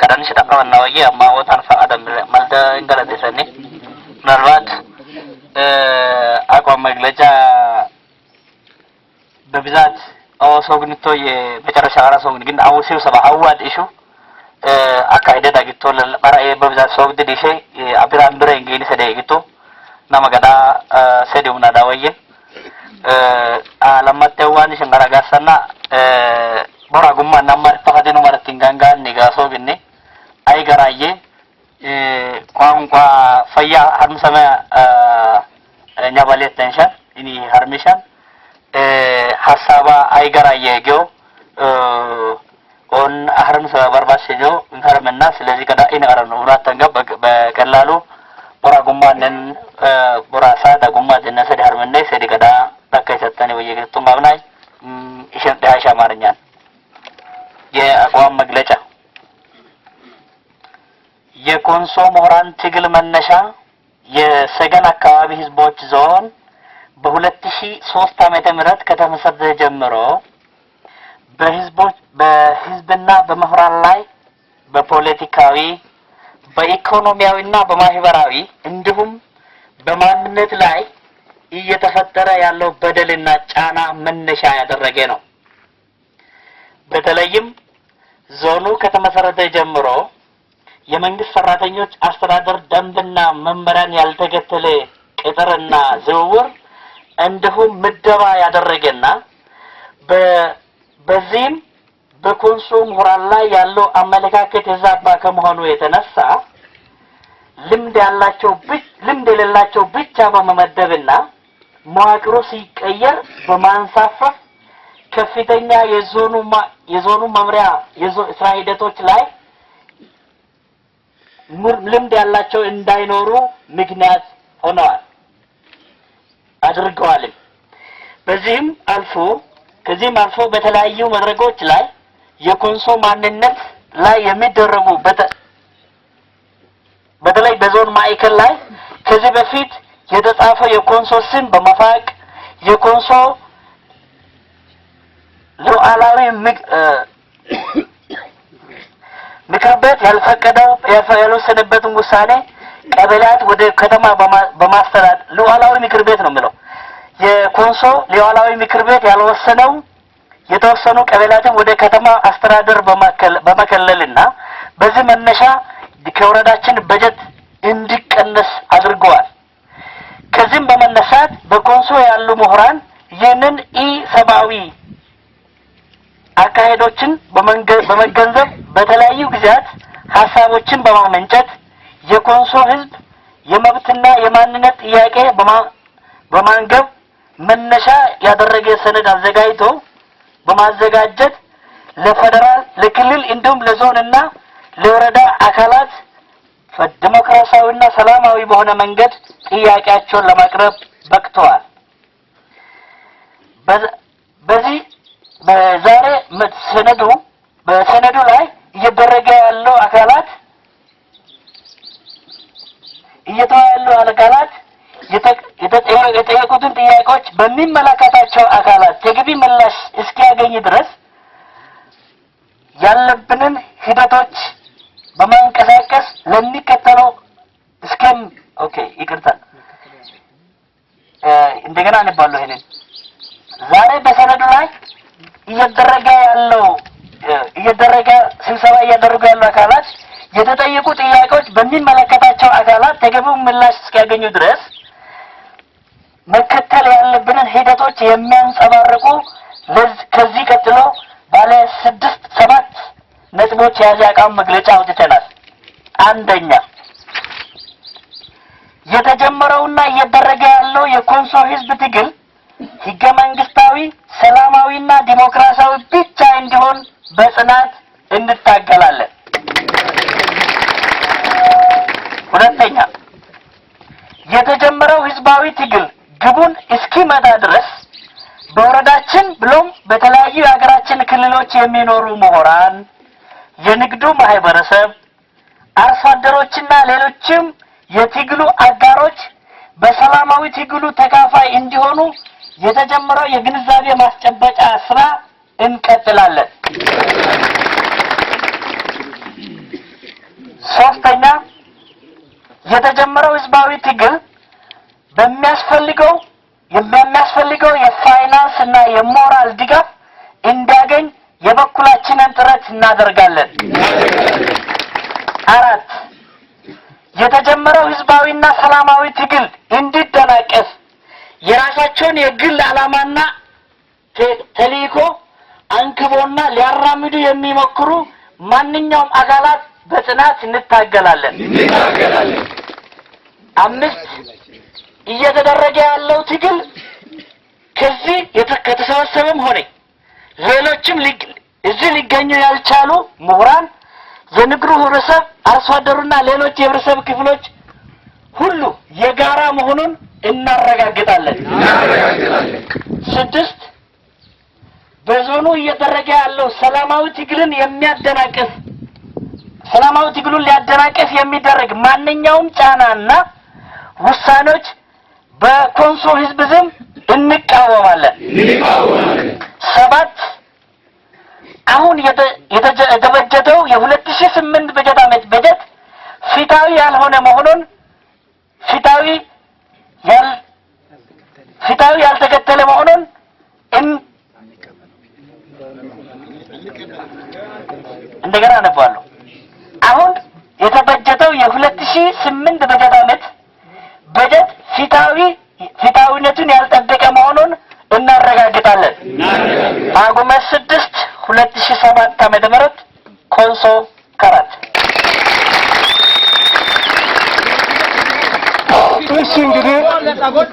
ከዳንሽ ተቀበልና ወይ አማወታን ፈቀደም መልደ እንገለደሰኒ ምናልባት አቋም መግለጫ በብዛት አወሶግንቶ የመጨረሻ አራ ሶግን ግን አወሲው ሰባ አዋድ ኢሹ አካይደ ዳግቶ ለበራኤ በብዛት ሶግድ ዲሼ አብራን ብሬ እንግሊዝ ሰደ ይግቶ ನಮಗದ ಸೆಡಿವ್ನ ದವಯ್ಯ ಲಮ್ಮತ್ತೆ ವಾನಿ ಶಂಕರ ಗಾಸನ್ನ ಬರ ಗುಮ್ಮ ನಮ್ಮ fayyaa harmisama nyabaleetan ishaan inni harmishaan hasaaba aygaraaye geo on harmisa barbaachise geo hin harmenna ስለዚህ ከዳ ኢነ ቀረኑ ሁላተን ጋር በቀላሉ ቦራ ጉማንን ቦራ ሳዳ ጉማትን ሰዲ ሀርምናይ ሰዲ ቀዳ ዳካ የሰጠን ወየገቱ ማብናይ ይሸን ዳሻ አማርኛን የአቋም መግለጫ የኮንሶ ምሁራን ትግል መነሻ የሰገን አካባቢ ህዝቦች ዞን በሁለት ሺ ሶስት ዓመተ ምህረት ከተመሰረተ ጀምሮ በህዝቦች በህዝብና በምሁራን ላይ በፖለቲካዊ በኢኮኖሚያዊና በማህበራዊ እንዲሁም በማንነት ላይ እየተፈጠረ ያለው በደልና ጫና መነሻ ያደረገ ነው። በተለይም ዞኑ ከተመሰረተ ጀምሮ የመንግስት ሰራተኞች አስተዳደር ደንብና መመሪያን ያልተከተለ ቅጥርና ዝውውር እንዲሁም ምደባ ያደረገና በዚህም በኮንሶ ምሁራን ላይ ያለው አመለካከት የዛባ ከመሆኑ የተነሳ ልምድ ያላቸው ልምድ የሌላቸው ብቻ በመመደብና መዋቅሩ ሲቀየር በማንሳፈፍ ከፍተኛ የዞኑ የዞኑ መምሪያ የስራ ሂደቶች ላይ ልምድ ያላቸው እንዳይኖሩ ምክንያት ሆነዋል አድርገዋልም። በዚህም አልፎ ከዚህም አልፎ በተለያዩ መድረኮች ላይ የኮንሶ ማንነት ላይ የሚደረጉ በተለይ በዞን ማዕከል ላይ ከዚህ በፊት የተጻፈው የኮንሶ ስም በመፋቅ የኮንሶ ሉዓላዊ ምክር ቤት ያልፈቀደው ያልወሰደበትን ውሳኔ ቀበሌያት ወደ ከተማ በማስተዳደር ሉዓላዊ ምክር ቤት ነው የሚለው የኮንሶ ሉዓላዊ ምክር ቤት ያልወሰነው የተወሰኑ ቀበሌያትን ወደ ከተማ አስተዳደር በመከለልና በዚህ መነሻ ከወረዳችን በጀት እንዲቀነስ አድርገዋል። ከዚህም በመነሳት በኮንሶ ያሉ ምሁራን ይህንን ኢ ሰብአዊ አካሄዶችን በመገንዘብ በመጉዳት ሀሳቦችን በማመንጨት የኮንሶ ህዝብ የመብትና የማንነት ጥያቄ በማንገብ መነሻ ያደረገ ሰነድ አዘጋጅቶ በማዘጋጀት ለፌደራል ለክልል እንዲሁም ለዞንና ለወረዳ አካላት ዲሞክራሲያዊና ሰላማዊ በሆነ መንገድ ጥያቄያቸውን ለማቅረብ በቅተዋል። በዚህ በዛሬ ሰነዱ በሰነዱ ላይ የጠየቁትን ጥያቄዎች በሚመለከታቸው አካላት ተገቢ ምላሽ እስኪያገኝ ድረስ ያለብንን ሂደቶች በማንቀሳቀስ ለሚከተለው እስከም ኦኬ ይቅርታል እንደገና አንባለሁ። ይሄንን ዛሬ በሰነዱ ላይ እየደረገ ያለው እየደረገ ስብሰባ እያደረጉ ያሉ አካላት የተጠየቁ ጥያቄዎች በሚመለከታቸው አካላት ተገቢው ምላሽ እስኪያገኙ ድረስ መከተል ያለብንን ሂደቶች የሚያንጸባርቁ ከዚህ ቀጥሎ ባለ ስድስት ሰባት ነጥቦች የያዘ አቋም መግለጫ አውጥተናል። አንደኛ የተጀመረውና እየደረገ ያለው የኮንሶ ህዝብ ትግል ህገ መንግስታዊ፣ ሰላማዊና ዲሞክራሲያዊ ብቻ እንዲሆን በጽናት እንታገላለን። ሁለተኛ የተጀመረው ህዝባዊ ትግል ግቡን እስኪመታ ድረስ በወረዳችን ብሎም በተለያዩ የሀገራችን ክልሎች የሚኖሩ ምሁራን፣ የንግዱ ማህበረሰብ፣ አርሶ አደሮችና ሌሎችም የትግሉ አጋሮች በሰላማዊ ትግሉ ተካፋይ እንዲሆኑ የተጀመረው የግንዛቤ ማስጨበጫ ስራ እንቀጥላለን። ሶስተኛ የተጀመረው ህዝባዊ ትግል በሚያስፈልገው የሚያስፈልገው የፋይናንስ እና የሞራል ድጋፍ እንዲያገኝ የበኩላችንን ጥረት እናደርጋለን። አራት የተጀመረው ህዝባዊና ሰላማዊ ትግል እንዲደናቀፍ የራሳቸውን የግል ዓላማና ተልዕኮ አንክቦና ሊያራምዱ የሚሞክሩ ማንኛውም አካላት በጽናት እንታገላለን። አምስት እየተደረገ ያለው ትግል ከዚህ ከተሰበሰበም ሆነ ሌሎችም እዚህ ሊገኙ ያልቻሉ ምሁራን፣ የንግዱ ህብረተሰብ፣ አርሶ አደሩና ሌሎች የህብረተሰብ ክፍሎች ሁሉ የጋራ መሆኑን እናረጋግጣለን። ስድስት በዞኑ እየተደረገ ያለው ሰላማዊ ትግልን የሚያደናቀፍ ሰላማዊ ትግሉን ሊያደናቀፍ የሚደረግ ማንኛውም ጫናና ውሳኔዎች በኮንሶ ህዝብ ስም እንቃወማለን። ሰባት አሁን የተበጀተው የሁለት ሺህ ስምንት በጀት ዓመት በጀት ፊታዊ ያልሆነ መሆኑን ፊታዊ ያል ፊታዊ ያልተከተለ መሆኑን እንደገና አነባለሁ። አሁን የተበጀተው የሁለት ሺህ ስምንት እናረጋግጣለን። ጳጉሜ ስድስት ሁለት ሺ ሰባት ዓመተ ምህረት ኮንሶ ካራት። እሺ እንግዲህ